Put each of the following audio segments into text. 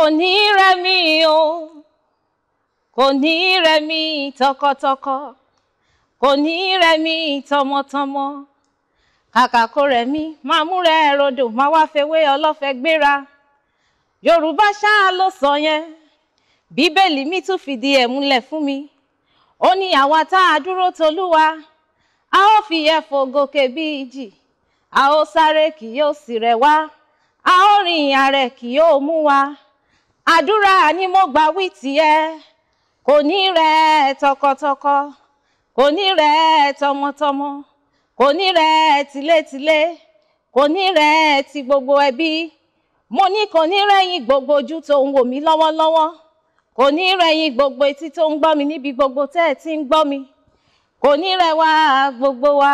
onírẹ̀ mi o kò ní rẹ̀ mi tọkọtọkọ kò ní rẹ̀ mi tọmọtọmọ kàkà kó rẹ̀ mi máa múra ẹ̀ ọlọ́fẹ́ gbéra yorùbá ṣáá ló sọ yẹn mi tún fìdí ẹ̀ múlẹ̀ fún mi ní àwa a o fi a o sáré a o àdúrà ni mo gbà wí tiẹ̀ kò ní rẹ̀ tọkọtọkọ kò ní rẹ̀ tọmọtọmọ kò ní rẹ̀ tilétilé kò ní rẹ̀ ti gbogbo ẹbí mo ní kò ní rẹ̀yìn gbogbo ojú tó ń wò mí lọ́wọ́lọ́wọ́ kò ní rẹ̀yìn gbogbo etí tó ń gbọ́ mi níbi gbogbo tẹ́ ẹ ti ń gbọ́ mi kò ní rẹ̀ wá gbogbo wa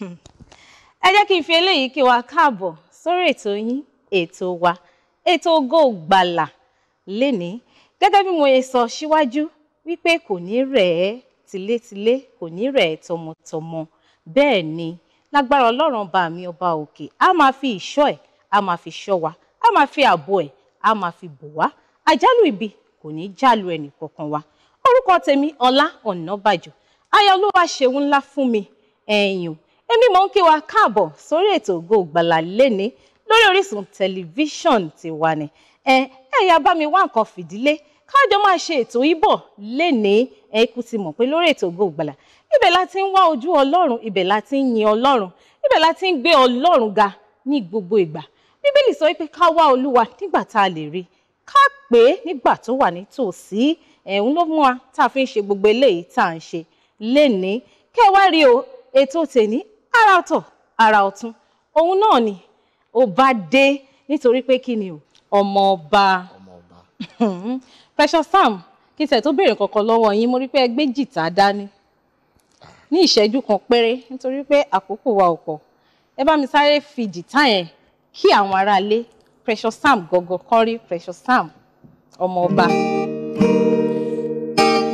ẹ jẹ́ kí n fi eléyìí kí wa káàbọ̀ sórí ètò yín ètò wa ètò Ògo Ìgbàlà lénìí gẹ́gẹ́ bí mo ṣe sọ síwájú wípé kò ní rẹ̀ ẹ́ tilétilé kò ní rẹ̀ ẹ́ tọmọtọmọ bẹ́ẹ̀ ni lágbára Ọlọ́run ọba mi ọba òkè a máa fi ìṣọ́ ẹ̀ a máa fi ṣọ́ wa a máa fi ààbò ẹ̀ a máa fi bò wá àjálù ibi kò ní jálu ẹnì kankan wa orúkọ tèmi Ọlá Ọ̀nàbàjọ́ aya Olúwa ṣeun ńlá fún mi ẹ̀yìn èmi mò ń kí wa káàbọ̀ sórí ètò Ògo Ìgbàlà lórí Orísun tẹlifíṣàn tiwa ni ẹ ẹ̀yin bá mi wá nǹkan fìdílé kájọ máa ṣe ètò ìbò lénìí ẹ kú ti mọ̀ pé lórí ètò Ògo Ìgbàlà la ti ń wá ojú Ọlọ́run ibẹ̀ la ti ń yin Ọlọ́run ibẹ̀ la ti ń gbé Ọlọ́run ga ní gbogbo ìgbà Bíbélì sọ wípé ká wá Olúwa nígbà tá a lè rí ká pè é nígbà tó wà nítòsí ẹ̀hún ló mú wa tá a fi ń ṣe gbogbo eléyìí tá à ń ṣe lénìí kẹ́ rí o ètò tèní ara ọ̀tọ̀ ara ọ̀tun òun náà ni ó bá dé nítorí pé kí ni o ọmọ ọba hmm. Precious Sam kí n tẹ̀ tó béèrè kankan lọ́wọ́ yín mo rí pé ẹ gbé jìtá dání ní ìṣẹ́jú kan péré nítorí pé àkókò wa ò pọ̀ ẹ bá mi sáré fi jìtá yẹn kí àwọn aráalé Precious Sam gọ́gọ́ kọ́ rí Precious Sam ọmọ ọba.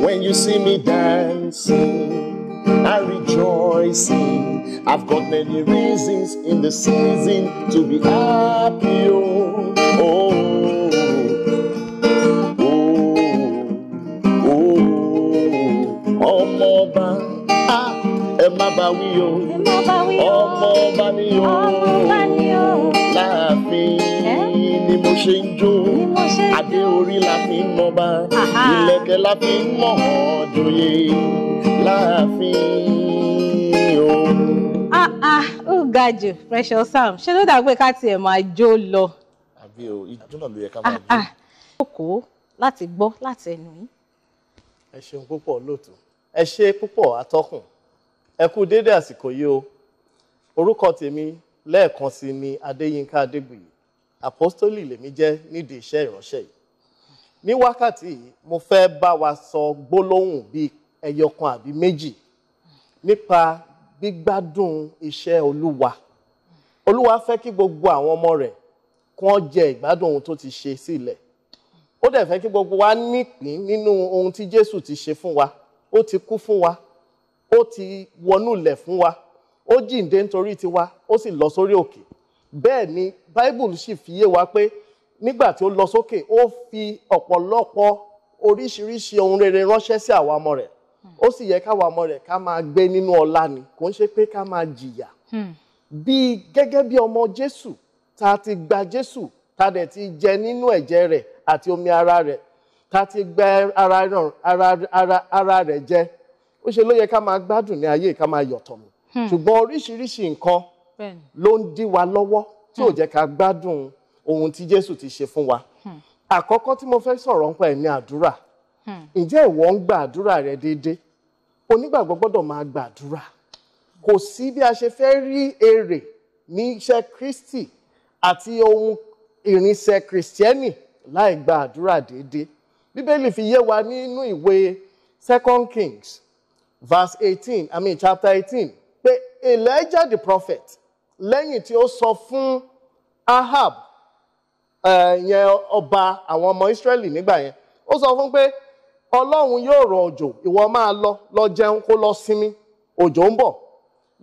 When you see me dancing. I rejoice in. I've got many reasons in the season to be happy. Oh, oh, oh, oh. oh, Ọmọba, ah, ẹ má bá wí oh, Ọmọba ni o. Ọmọba ni o. ni mo ṣe ń jó adé orí la fi ń mọba ìlẹ̀kẹ̀ la fi ń mọ̀ joyè láàfin o. Ah, ah, ó jù Precious Sam ṣé ló dàgbé ká tiẹ̀ máa jó lọ. àbí o ijó náà ló yẹ ká máa ah, jó. jókòó láti gbọ́ láti ẹnu yìí. ẹ ṣeun púpọ̀ lóòótọ́ ẹ ṣe púpọ̀ atọ́kùn ẹ kú déédé àsìkò yìí o orúkọ tèmi lẹ́ẹ̀kan sí ni Adéyínká Adégbùyí apostoli lèmi jẹ́ nídìí iṣẹ́ ìránṣẹ́ yìí ní wákàtí yìí mo fẹ́ bá wa sọ gbólóhùn bíi ẹyọkan àbí méjì nípa gbígbádùn iṣẹ́ olúwa olúwa fẹ́ kí gbogbo àwọn ọmọ rẹ̀ kí wọ́n jẹ ìgbádùn ohun tó ti ṣe sílẹ̀ ó dẹ̀ fẹ́ kí gbogbo wa nípìn nínú ohun tí jésù ti ṣe fún wa ó ti kú fún wa ó ti wọnú ilẹ̀ fún wa ó jíǹde nítorí tiwa ó sì lọ sórí òkè bẹ́ẹ̀ ni bible sì fi yé wa pé nígbà tí ó lọ sókè ó fi ọ̀pọ̀lọpọ̀ oríṣiríṣi ohun rere ránṣẹ́ sí àwọn ọmọ rẹ̀ ó sì yẹ káwọn ọmọ rẹ̀ ká máa gbé nínú ọlá ni kò ń ṣe pé ká máa jìyà hmm. bí gẹ́gẹ́ bí ọmọ jésù tá a ti gba jésù tá a dẹ̀ ti jẹ nínú ẹ̀jẹ̀ rẹ̀ àti omi ara rẹ̀ tá a ti gbẹ ara ara rẹ̀ jẹ ó ṣe ló yẹ ká máa gbádùn ní ayé ká máa yọ̀tọ̀ mi hmm. ṣùgbọ́n oríṣiríṣi nǹkan ló ń dí wa lọ́wọ́ tí ò hmm. jẹ́ ká gbádùn ohun tí Jésù ti ṣe fún wa hmm. àkọ́kọ́ tí mo fẹ́ sọ̀rọ̀ nípa ẹ̀ ní àdúrà hmm. ǹjẹ́ ìwọ ń gba àdúrà rẹ déédéé onígbàgbọ́ gbọ́dọ̀ máa gbàdúrà kò sí bí a ṣe fẹ́ rí èrè ní iṣẹ́ Kristi àti ohun ìrìnsẹ̀ Kristiẹ́nì láì gba àdúrà déédéé bíbélì fi yé wa nínú ìwé Second Kings verse eighteen I mean chapter eighteen pé Elijah the prophet lẹ́yìn tí ó sọ fún Ahab ìyẹn ọba àwọn ọmọ Israẹli nígbà yẹn ó sọ fún pé Ọlọ́run yóò rọ̀ òjò ìwọ máa lọ lọ jẹun kó lọ sinmi òjò ń bọ̀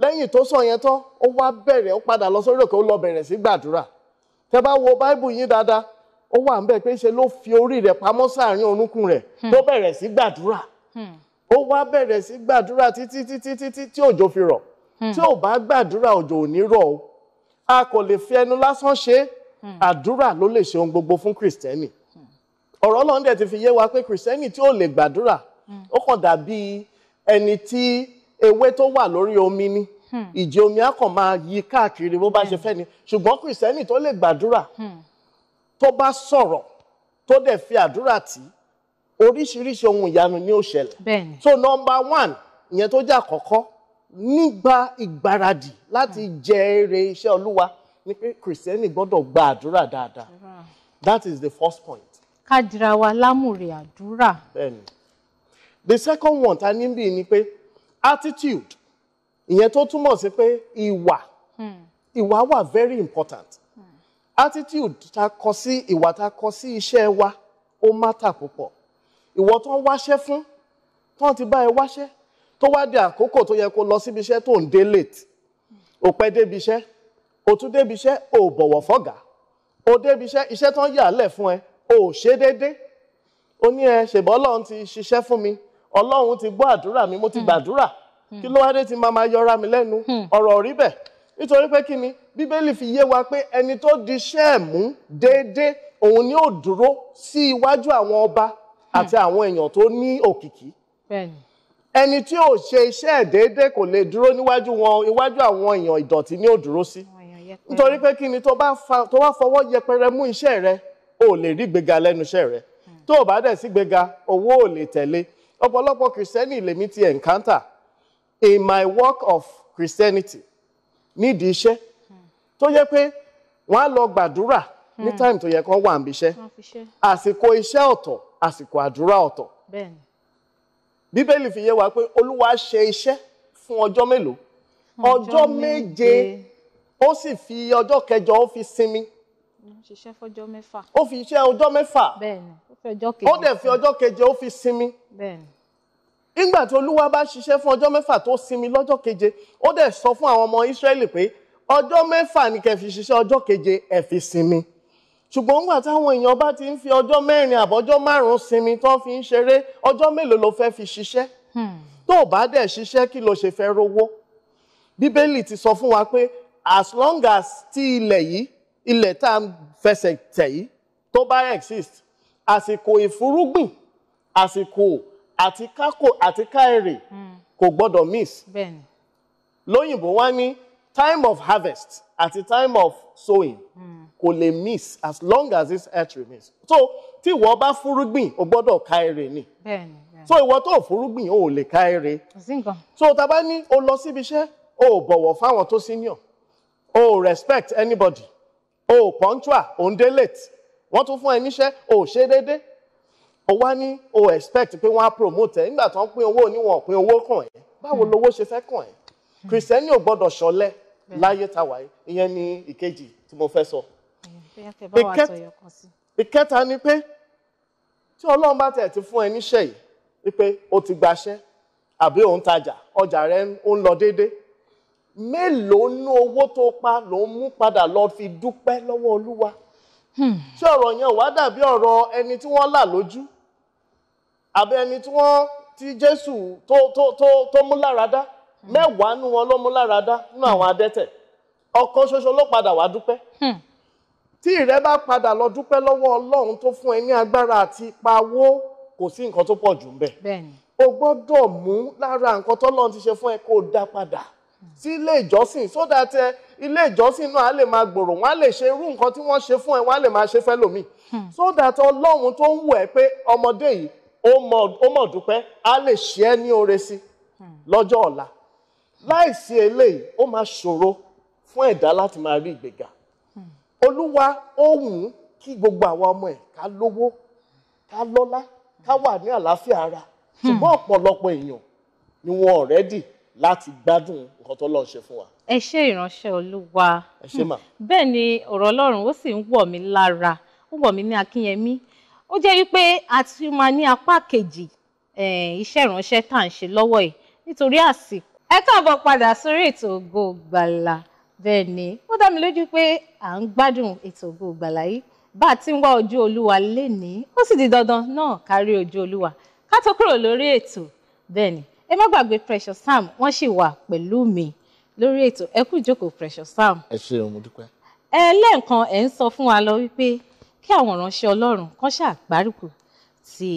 lẹ́yìn tó sọ yẹn tán ó wá bẹ̀rẹ̀ ó padà lọ sórí òkè ó lọ bẹ̀rẹ̀ sí gbàdúrà tẹ bá wo báíbù yín dáadáa ó wà ń bẹ̀ pé ṣe ló fi orí rẹ̀ pamọ́ sáàrin orúnkún rẹ̀ hmm. tó bẹ̀rẹ̀ sí gbàdúrà hmm. ó wá bẹ̀rẹ̀ sí gbàdúrà títí títí títí tí òjò fi rọ̀ Hmm. tí ò bá gbàdúrà òjò ò ní rọ̀ o a kò lè fi ẹnu lásán ṣe hmm. àdúrà ló lè ṣe ohun gbogbo fún kìrìsìtẹ́nì hmm. ọ̀rọ̀ ọlọ́run dẹ̀ ti fi yé wa pé kìrìsìtẹ́nì tí ò lè gbàdúrà ó kàn dàbí ẹni tí ewé tó wà lórí omi ni ìjì omi á kàn máa yí káàkiri bó bá ṣe fẹ́ ni ṣùgbọ́n kìrìsìtẹ́nì tó lè gbàdúrà tó bá sọ̀rọ̀ tó dẹ̀ fi àdúrà tì oríṣiríṣi ohun ìyanu ni ó ṣẹlẹ̀ so number one ìyẹn tó jẹ́ àkọ́kọ́ nígbà ìgbáradì láti jẹ èrè iṣẹ́ olúwa ni pé kìrìsìtẹ́nì gbọ́dọ̀ gba àdúrà dáadáa that is the first point. ká wa lámùrè àdúrà. bẹ́ẹ̀ni the second one ta níbí ni pé attitude ìyẹn tó túmọ̀ sí pé ìwà hmm. ìwà wà very important hmm. attitude ta kọ sí ìwà ta kọ sí iṣẹ́ wa ó mátà púpọ̀ ìwọ tó ń wáṣẹ́ fún tó ti bá ẹ wáṣẹ́ tó wá di àkókò tó yẹ kó lọ síbi iṣẹ́ tó ń dé late ò pẹ́ débi iṣẹ́ ò tún débi iṣẹ́ ò bọ̀wọ̀ fọ́gà ò débi iṣẹ́ iṣẹ́ tó ń yà lẹ̀ fún ẹ ò ṣe déédéé ó ní ẹ ṣèbọ́ ọlọ́run ti ṣiṣẹ́ fún mi ọlọ́run ti gbọ́ àdúrà mi mo ti gbàdúrà hmm. kí ló wá dé tí máa máa yọra mi lẹ́nu hmm. ọ̀rọ̀ rí bẹ́ẹ̀ nítorí pé kí ni bíbélì fi yé wa pé ẹni tó di iṣẹ́ mú déédéé òun ni ó dúró sí iwájú àwọn ọba àti hmm. àwọn èèyàn tó ní òkìkí. bẹ́ẹ̀ni ẹni tí ò ṣe iṣẹ́ ẹ̀dẹ́dẹ́ kò lè dúró níwájú wọn iwájú àwọn èèyàn ìdọ̀tí ni òdúró sí nítorí pé kí ni tó bá fọwọ́ yẹpẹrẹ mú iṣẹ́ rẹ ò lè rí gbega lẹ́nu iṣẹ́ rẹ hmm. tó o bá dẹ̀ sí gbega owó ò lè tẹ̀lé ọ̀pọ̀lọpọ̀ ti encounter in my work of Christianity nídìí iṣẹ́ hmm. tó yẹ pé wọ́n lọ gbàdúrà ní hmm. tó yẹ wà níbi iṣẹ́ àsìkò iṣẹ́ ọ̀tọ̀ àsìkò àdúrà bíbélì fi yé wa pé olúwa ṣe iṣẹ́ fún ọjọ́ mélòó ọjọ́ méje ó sì fi ọjọ́ kẹjọ ó fi sinmi ṣiṣẹ́ fọjọ́ mẹ́fà. ó fi iṣẹ́ ọjọ́ mẹ́fà. bẹ́ẹ̀ni ó fi ọjọ́ dẹ̀ fi ọjọ́ keje ó fi sinmi. nígbà tí olúwa bá ṣiṣẹ́ fún ọjọ́ mẹ́fà tó sinmi lọ́jọ́ keje ó dẹ̀ sọ fún àwọn ọmọ Ísírẹ́lì pé ọjọ́ mẹ́fà ni kẹ́ fi ṣiṣẹ́ ọjọ́ keje ẹ fi sinmi ṣùgbọ́n nígbà táwọn èèyàn bá ti ń fi ọjọ́ mẹ́rin àbọ̀jọ́ márùn-ún sinmi tó fi ń ṣeré ọjọ́ mélòó ló fẹ́ fi ṣiṣẹ́ hmm. tó o bá dẹ̀ ṣiṣẹ́ kí lo ṣe fẹ́ rówó bíbélì ti sọ fún wa pé as long as ti ilẹ̀ yìí ilẹ̀ tá a fẹsẹ̀ tẹ̀ yìí tó bá exist àsìkò ìfúrúgbìn àsìkò àti kákò àti ká èrè hmm. kò gbọ́dọ̀ miss lóyìnbó wá ní time of harvest àti time of sowing. Mm kò lè miss as long as this earth remains so tí ìwọ bá fúrúgbìn o gbọ́dọ̀ ká èrè ni so ìwọ tó fúrúgbìn o lè ká èrè so tá bá ní o lọ síbi iṣẹ́ o ò fáwọn tó senior o respect anybody o ò punctual o ń dé late wọ́n tún fún ẹ níṣẹ́ o ṣe déédéé o wá ní o expect pé wọ́n á promote ẹ nígbà tó ń pín owó oníwọ̀n pín owó kàn ẹ́ báwo hmm. lowó ṣe fẹ́ kàn ẹ́ kìrìsìtẹ́nì ò gbọ́dọ̀ ṣọ̀lẹ láyé táwa ìyẹn ni ìkejì tí mo fẹ́ sọ. So ìkẹta ni pé tí ọlọ́run bá tẹ̀ ti fún ẹ níṣẹ́ yìí wípé o ti gbaṣẹ́ àbí òun tajà ọjà rẹ ó ń lọ déédéé mélòó nú owó tó pa ló ń mú padà lọ fi dúpẹ́ lọ́wọ́ olúwa hmm. ṣé ọ̀rọ̀ yẹn wá dàbí ọ̀rọ̀ ẹni tí wọ́n là lójú àbí ẹni tí wọ́n ti jésù tó tó tó tó mú láradá hmm. mẹ́wàá nú wọn ló mú láradá nínú àwọn adẹ́tẹ̀ ọ̀kan ṣoṣo ló padà wá dúpẹ́. Hmm tí ìrẹ́ bá padà lọ dúpẹ́ lọ́wọ́ Ọlọ́run tó fún ẹ ní agbára àti pawó kò sí nǹkan tó pọ̀ jù ńbẹ̀ o gbọ́dọ̀ mú lára nǹkan tọ́lọ́run ti ṣe fún ẹ kó o dá padà sí ilé ìjọsìn so that ẹ ilé ìjọsìn náà á lè máa gbòòrò wọn á lè ṣe irú nǹkan tí wọ́n ṣe fún ẹ wọ́n á lè máa ṣe fẹ́lòmíì hmm. so that Ọlọ́run tó ń wù ẹ́ pé ọmọdé yìí ó mọ̀ dúpẹ́ á lè ṣe ẹ́ ní oore sí hmm. lọ́jọ́ ọ̀la láìsí eléyìí ó máa ṣòro fún ẹ̀dá láti máa rí ìgbéga olúwa ohun kí gbogbo àwa ọmọ ẹ̀ ká lówó ká lọ́lá ká wà ní àlàáfíà ara hmm. ṣùgbọ́n ọ̀pọ̀lọpọ̀ èèyàn ni wọn ọ̀rẹ́dì láti gbádùn nǹkan tó lọ́ọ́ ṣe fún wa. ẹ ṣe ìránṣẹ́ olúwa ẹ ṣe hmm. ni ọ̀rọ̀ ọlọ́run ó sì ń wọ̀ mí lára ó wọ̀ mí ní akínyẹmí ó jẹ́ wípé a ti máa ní apá kejì iṣẹ́ ìránṣẹ́ tá à ń ṣe lọ́wọ́ yìí nítorí àsìkò. ẹ káàbọ̀ padà sórí ètò Ògo Ìgbàlà bẹ́ẹ̀ ni dá mi lójú pé à ń gbádùn ètò Ògo Ìgbàlà yìí bá a ti ń wá ojú olúwa lénìí ó sì di dandan náà kárí ojú olúwa ká tó kúrò lórí ètò bẹ́ẹ̀ ni ẹ má gbàgbé Precious Sam wọ́n sì wà pẹ̀lú mi lórí ètò ẹ kú ìjókòó Precious Sam. ẹ ṣe o mo dúpẹ́. ẹ lẹ́ẹ̀kan ẹ̀ ń sọ fún wa lọ wípé kí àwọn ìránṣẹ́ ọlọ́run kan ṣàgbárùkù ti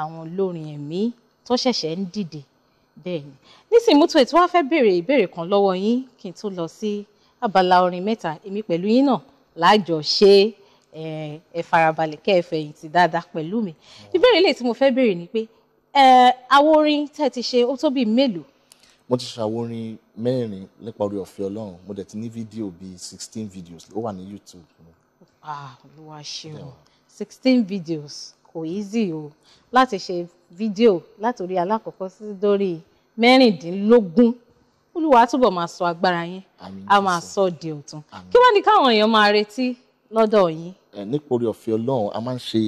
àwọn olórin ẹ̀mí tó ṣẹ̀ṣẹ̀ ń dìde bẹ́ẹ̀ ni nísìnyí mú tó ètò wá fẹ́ béèrè ìbéèrè kan lọ́wọ́ yín kí n tó lọ sí abala orin mẹ́ta èmi pẹ̀lú yín náà láàjọ ṣe ẹ farabalẹ̀ kẹ́ ẹ fẹ̀yìntì dáadáa pẹ̀lú mi ìbéèrè ilé tí mo fẹ́ béèrè ni pé àwo orin tẹ́ ti ṣe ó tó bíi mélòó. mo ti ṣàwo orin mẹ́rin nípa orí ọ̀fẹ́ ọlọ́run mo dẹ̀ ti ní fídíò bíi sixteen videos ó wà ní YouTube. ah olúwa ṣeun sixteen videos kò easy o láti ṣe fídíò látòrí alákọ̀ọ́kọ́ sí dórí mẹ́rìndínlógún olúwa túbọ̀ máa sọ agbára yín a máa sọ di ọ̀tun kí wọ́n ní káwọn èèyàn máa retí lọ́dọ̀ yín. ẹ nípòrí ọ̀fẹ́ ọlọ́run a máa ń ṣe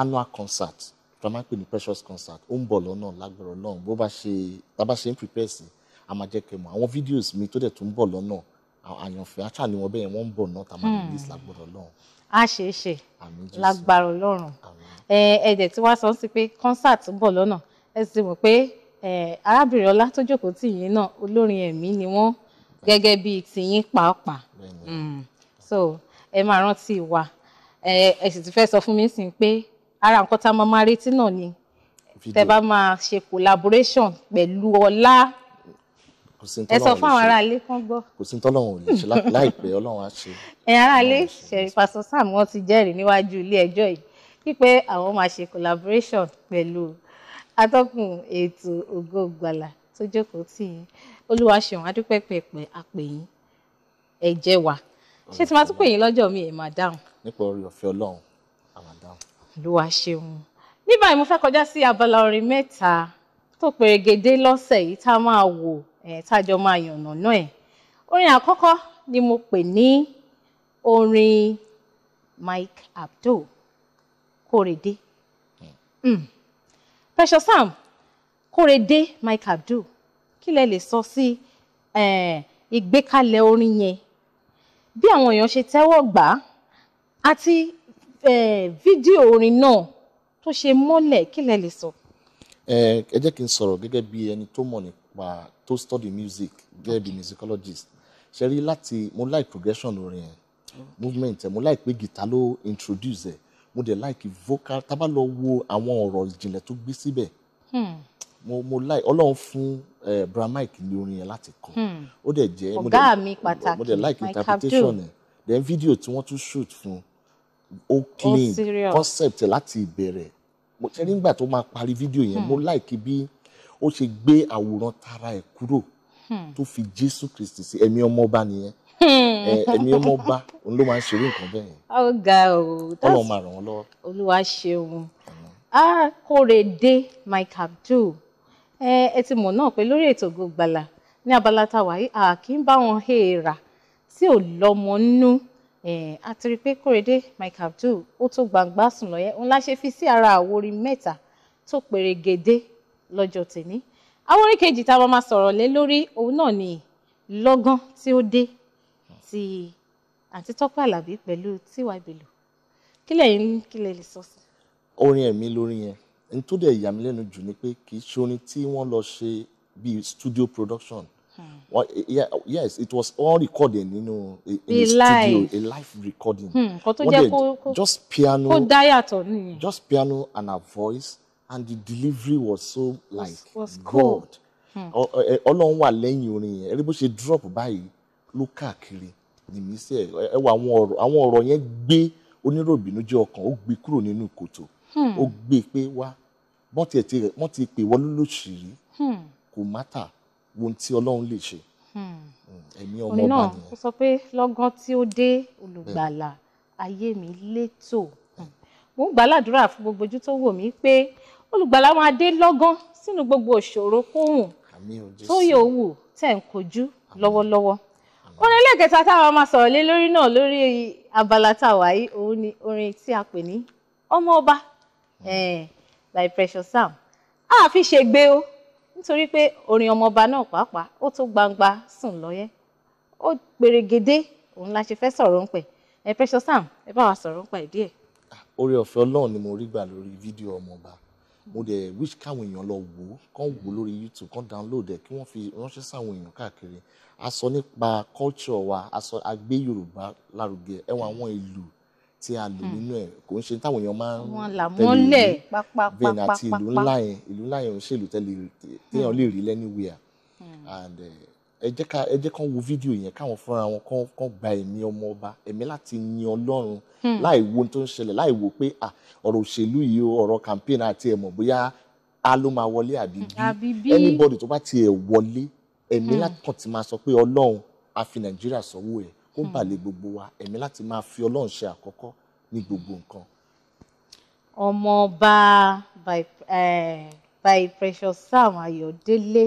annual concert tí a máa ń pè ní precious concert ó ń bọ̀ lọ́nà lágbára ọlọ́run bó bá ṣe tá a bá ṣe ń prepare sí a máa jẹ́ kẹ́ mọ̀ àwọn videos mi tó dẹ̀ tún ń bọ̀ lọ́nà àyànfẹ́ àṣà ni wọ́n bẹ́ẹ̀ wọ́n ń bọ̀ náà tá a máa hmm. release lágbára ọlọ́run. a ṣe é ṣe lágbára ọlọ́run ẹ̀ẹ́dẹ̀ tí wàá sọ sí pé concert ń bọ̀ lọ́nà ẹ sì mọ̀ pé Eh, arábìnrin ọlá tó jókòó tì yín náà olórin ẹ̀mí ni wọ́n gẹ́gẹ́ bíi tìyín pàápàá mm. so ẹ máa rántí wa ẹ sì ti fẹ́ sọ fún mi sí pé ara nǹkan tá a máa máa retí náà ni tẹ bá máa ṣe collaboration pẹ̀lú ọlá ẹ sọ fún àwọn aráalé kan gbọ́. kò sí tọ́lọ́run ò lè ṣe láìpẹ́ ọlọ́run á ṣe. ẹ aráalé ṣẹ̀rí pásọ sam wọn ti jẹ́rìí níwájú ilé ẹjọ́ yìí wípé àwọn máa ṣe collaboration pẹ̀lú atọ́kùn ètò ògo ìgbàlà tó jókòó tì yín olúwaṣeun adúpẹ́pẹ́pẹ́ àpèyìn ẹ̀jẹ̀ wà ṣé tí máa tún pè yín lọ́jọ́ mi ẹ̀ máa dáhùn. nípa orí ọ̀fẹ́ ọlọ́run a máa dáhùn. olúwaṣeun ní báyìí mo fẹ́ kọjá sí abala orin mẹ́ta tó pèrègede lọ́sẹ̀ yìí tá a máa wò ẹ̀ tájọ máa yànnà náà ẹ̀ orin àkọ́kọ́ ni mo pè ní orin Mike Abdul Kórèdé. Mm. Hmm. Precious Sam Kórèdé Mike Abdul kí lẹ lè sọ sí ìgbékalẹ̀ orin yẹn bí àwọn èèyàn ṣe tẹ́wọ́ gbà á àti fídíò orin náà tó ṣe mọ́lẹ̀ kí lẹ lè sọ. ẹ ẹ jẹ́ kí n sọ̀rọ̀ gẹ́gẹ́ bí ẹni tó mọ̀ nípa tó study music gẹ́gẹ́ bí musicologist ṣe rí láti mo like progression orin ẹ̀ movement ẹ̀ mo like pé guitar ló introduce ẹ̀ mo dẹ̀ like vocal tá lọ wo àwọn ọ̀rọ̀ ìjìnlẹ̀ tó gbé síbẹ̀ hmm. mo mo like ọlọ́run fún Bra Mike ní orin yẹn láti kọ hmm. ó dẹ̀ jẹ́ mo dẹ̀ mo dẹ̀ like interpretation ẹ̀ then video tí wọ́n tún shoot fún ó clean concept láti ìbẹ̀rẹ̀ mo ṣe nígbà tó máa parí fídíò yẹn mo hmm. like bí ó ṣe gbé àwòrán tara ẹ̀ kúrò tó fi Jésù Kristi sí ẹ̀mí ọmọ ọba nìyẹn ẹ̀mí ọmọ ọba òun ló máa ń ṣerú nǹkan bẹ́ẹ̀. ó ga o. ọlọ́run máa ràn wọ́n lọ́wọ́. olúwa ṣeun. Kórèdé Mike Abdul ẹ ti mọ̀ náà pé lórí ètò Ògo Ìgbàlà ní abala táwa yìí a kì í bá wọn hèèrà tí ò lọ́mọ nú àti rí i pé Kórèdé Mike Abdul ó tó gbangba sùn lọ́yẹ́ òun la ṣe fi sí ara àwòrí mẹ́ta tó pèrègèdè lọ́jọ́ tèmi àwòrí kejì táwa máa sọ̀rọ̀ lé lórí òun náà ni lọ́gán tí ó dé àti àǹtí tọ́pẹ́ àlàbí pẹ̀lú tiwa ìbèlò kí lẹ́yìn kí lè lè sọ sí. orin ẹ̀mí lórí yẹn n tó dẹ̀ yà mí lẹ́nu jù ni pé kì í ṣe orin tí wọ́n lọ ṣe bíi studio production hmm. well, yes it was all recorded nínú in, in a studio a live recording hmm, nǹkan tó jẹ́ just piano kó dá yàtọ̀ nìyẹn just piano and her voice and the delivery was so like was, was God hmm. ọlọ́run wà lẹ́yìn orin yẹn ẹ̀rí bó ṣe drop báyìí ló káàkiri ìmísẹ̀ ẹ wọ àwọn ọ̀rọ̀ àwọn ọ̀rọ̀ yẹn gbé oníròbìnújẹ́ ọkàn ó gbé kúrò nínú kòtò hmm. ó gbé pé wá wọ́n ti ẹ̀tì rẹ̀ wọ́n ti pè wọ́n lólóṣìírí hmm. kò mátà ohun tí ọlọ́run lè ṣe hmm. ẹ̀mí ọmọ ọba nìyẹn. òní náà ó sọ pé lọ́gán tí ó dé olùgbàlà ayé mi létò mo ń gbàládùra fún gbogbo ojú tó wò mí pé olùgbàlà máa dé lọ́gán sínú gbogbo òṣòro kóhùn tó yòówù tẹ̀ ń kojú lọ́wọ́lọ́wọ́ orin ẹlẹ́kẹta táwa máa sọ̀rọ̀ lé lórí náà lórí abala táwa yìí òun ni orin tí a pè ní ọmọ ọba by Precious Sam a fi ṣe gbé o nítorí pé orin ọmọ ọba náà pàápàá ó tó gbangba sùn lọ́yẹ́ ó pèrègede òun la ṣe fẹ́ sọ̀rọ̀ ń pẹ̀ Precious Sam ẹ bá wa sọ̀rọ̀ ń pa ìdí orí ọ̀fẹ́ ọlọ́run ni mo rí gbà lórí fídíò ọmọ ọba mo dẹ̀ wish káwọn èèyàn lọ wò ó kán wò ó lórí YouTube kán download ẹ̀ kí wọ́n fi ránṣẹ́ sáwọn èèyàn káàkiri a sọ nípa culture wa a sọ a gbé Yorùbá lárugẹ ẹ wọ àwọn ìlú tí a lò hmm. nínú ẹ kò ń ṣe táwọn èèyàn máa ń tẹ̀lé ìlú bẹ́ẹ̀ ni àti ìlú ńlá yẹn ìlú ńlá yẹn ń ṣèlú tẹ́lẹ̀ téèyàn lè rí lẹ́nìwíà hmm. and. Uh, ẹ jẹ́ ká ẹ jẹ́ kán wo fídíò yẹn káwọn fúnra wọn kán kán gba ẹ̀mí ọmọ ọba ẹ̀mí láti yin ọlọ́run hmm. láì wo tó ń ṣẹlẹ̀ láì wo pé ọ̀rọ̀ òṣèlú yìí ọ̀rọ̀ campaign àti ẹ̀mọ̀ bóyá a ló máa wọlé àbí bí anybody tó bá tiẹ̀ wọlé ẹ̀mí hmm. láti kàn ti máa sọ pé ọlọ́run a fi nàìjíríà sọ́wọ́ ẹ̀ kó hmm. bà lé gbogbo wa ẹ̀mí láti máa fi ọlọ́run ṣe àkọ́kọ́ ní gbogbo nǹkan. ọmọ ọba by, eh, Precious Sam Ayọ̀délé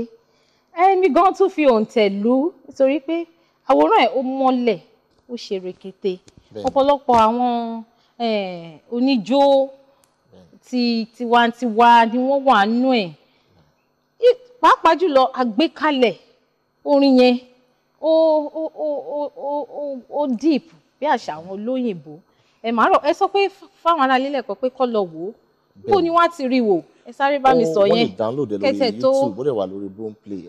èmi gan tún fi òǹtẹ̀ lù ú nítorí pé àwòrán ẹ̀ ó mọ́lẹ̀ ó ṣe rekete ọ̀pọ̀lọpọ̀ àwọn oníjó ti tiwantiwa ni wọ́n wà nú ẹ̀ pàápàá jùlọ àgbékalẹ̀ orin yẹn ó ó ó ó ó deep bí àṣà àwọn olóyìnbó ẹ màá rọ ẹ sọ pé fáwọn aráalé lẹ́kọ̀ọ́ pé kọ́ lọ wò ó bó ni wọ́n á ti rí wò ó ẹ sáré bá mi oh, sọ yẹn wọ́n lè download ẹ lórí youtube ó lè wà lórí boomplay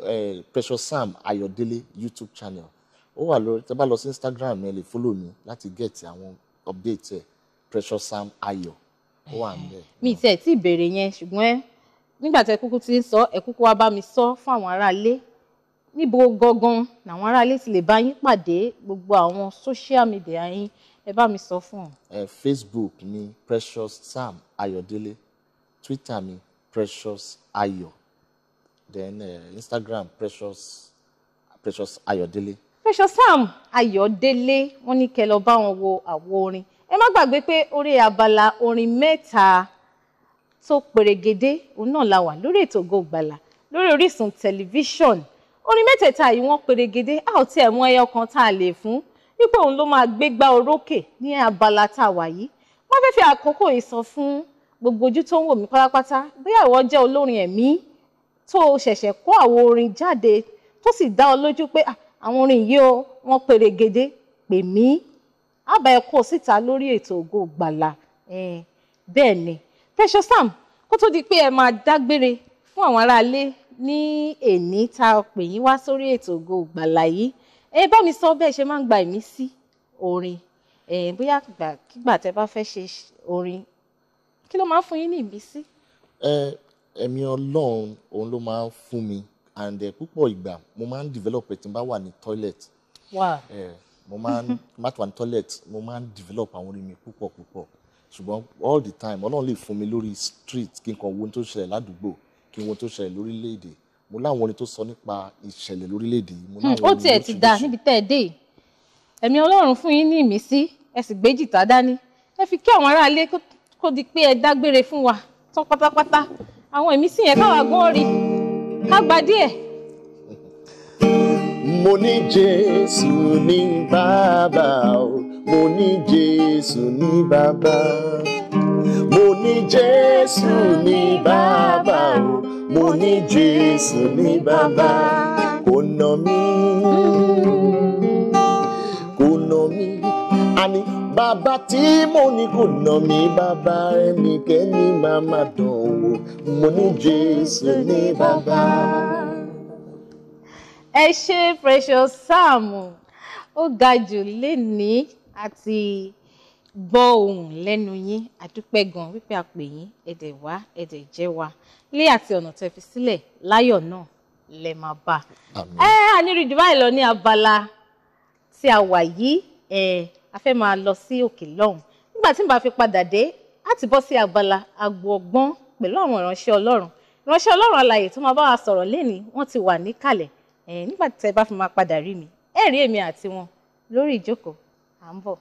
precious sam ayọ̀délé youtube channel ó wà lórí tẹ́ bá lọ sí instagram ẹ lè follow mi láti get àwọn update ẹ precious sam ayo ó wà eh, níbẹ̀. mi tẹ̀ tí ìbéèrè yẹn ṣùgbọ́n nígbà tẹ́ kúkú ti ń sọ ẹ kúkú wá bá mi sọ fún àwọn aráalé níbo gangan làwọn aráalé ti lè bá yín pàdé gbogbo àwọn social media yín ẹ bá mi sọ fún ọ. Eh, facebook ni precious sam ayọ̀délé Twitter mi Precious ayo, then uh, Instagram Precious Precious Ayọ̀délé. Precious Sam Ayọ̀délé wọ́n ní kẹ́ lọ bá wọn wo àwo orin ẹ má gbàgbé pé orí abala orin mẹ́ta tó pèrègede òun náà la wà lórí ètò Ògo Ìgbàlà lórí Orísun tẹlifíṣọ̀n orin mẹ́tẹ̀ẹ̀ta yìí wọ́n pèrègede a ò tiẹ̀ mọ ẹyọ kan tá a lè fún wípé òun ló máa gbégbá orókè ní abala tá a wà yìí wọ́n fẹ́ fi àkókò yìí sọ fún gbogbo ojú tó ń wò mí pátápátá bóyá ìwọ jẹ́ olórin ẹ̀mí tó ṣẹ̀ṣẹ̀ kó àwọn orin jáde tó sì dá ọ lójú pé àwọn orin yìí o wọ́n pèrègede pè mí àbá ẹ kó síta lórí ètò Ògo Ìgbàlà bẹ́ẹ̀ ni Precious Sam kó tó di pé ẹ máa dágbére fún àwọn aráalé ní èní tá a pè yín wá sórí ètò Ògo Ìgbàlà yìí ẹ bá mi sọ bẹ́ẹ̀ ṣe máa ń gba ìmísí orin bóyá kígbà tẹ bá fẹ́ ṣe orin kí ló máa ń fún yín ní ìbísí. ẹ ẹ̀mí ọlọ́run òun ló máa ń fún mi and púpọ̀ ìgbà mo máa ń develop ẹ̀ tí n bá wà ní toilet. wà ẹ mo máa ń má tó wà ní toilet mo máa ń develop àwọn orin mi púpọ̀ púpọ̀ ṣùgbọ́n all the time ọlọ́run lè fún mi lórí street kí n kàn wo ohun tó ṣẹlẹ̀ ládùúgbò kí n wo ohun tó ṣẹlẹ̀ lórílẹ̀‐èdè mo láwọn orin tó sọ nípa ìṣẹ̀lẹ̀ lórílẹ̀‐èdè yìí mo láwọn hmm, orin lóṣù ó tiẹ̀ ti dà níbi tẹ́ ẹ dé yìí ẹ̀mí ọlọ́run fún yín ní ìmísí ẹ sì gbé jìtá dání ẹ fi kí àwọn aráalé tó di pé ẹ dágbére fún wa tán pátápátá àwọn ìmísí yẹn káwa gan rí ká gba díẹ̀. mo ní jésù ní bàbá o mo ní jésù ní bàbá mo ní jésù ní bàbá o mo ní jésù ní bàbá kò nà mí. bàbá tí mo ní kò nà mí bàbá ẹnì kẹ́ni máa má dán wò mo ní Jésù ní bàbá. ẹ ṣe Precious Sam ó ga jù lénìí àti gbọ́ ohùn lẹ́nu yín àdúpẹ́ gan wípé a pè yín ẹ̀dẹ̀ wá ẹ̀dẹ̀ jẹ́ wa lé àti ọ̀nà tẹ́ fi sílẹ̀ láyọ̀ náà lẹ máa bá. ẹ àníríjú báyìí lọ ní abala tí a wà yìí a fẹ́ máa lọ sí òkè lọ́hùn nígbà tí n bá fi padà dé a ti bọ́ sí abala agbo ọgbọ́n pẹ̀lú àwọn ìránṣẹ́ ọlọ́run ìránṣẹ́ ọlọ́run alààyè tó máa bá wa sọ̀rọ̀ lénìí wọ́n ti wà níkàlẹ̀ nígbà tí ẹ bá fi máa padà rí mi ẹ rí èmi àti wọn lórí ìjókòó à ń bọ̀.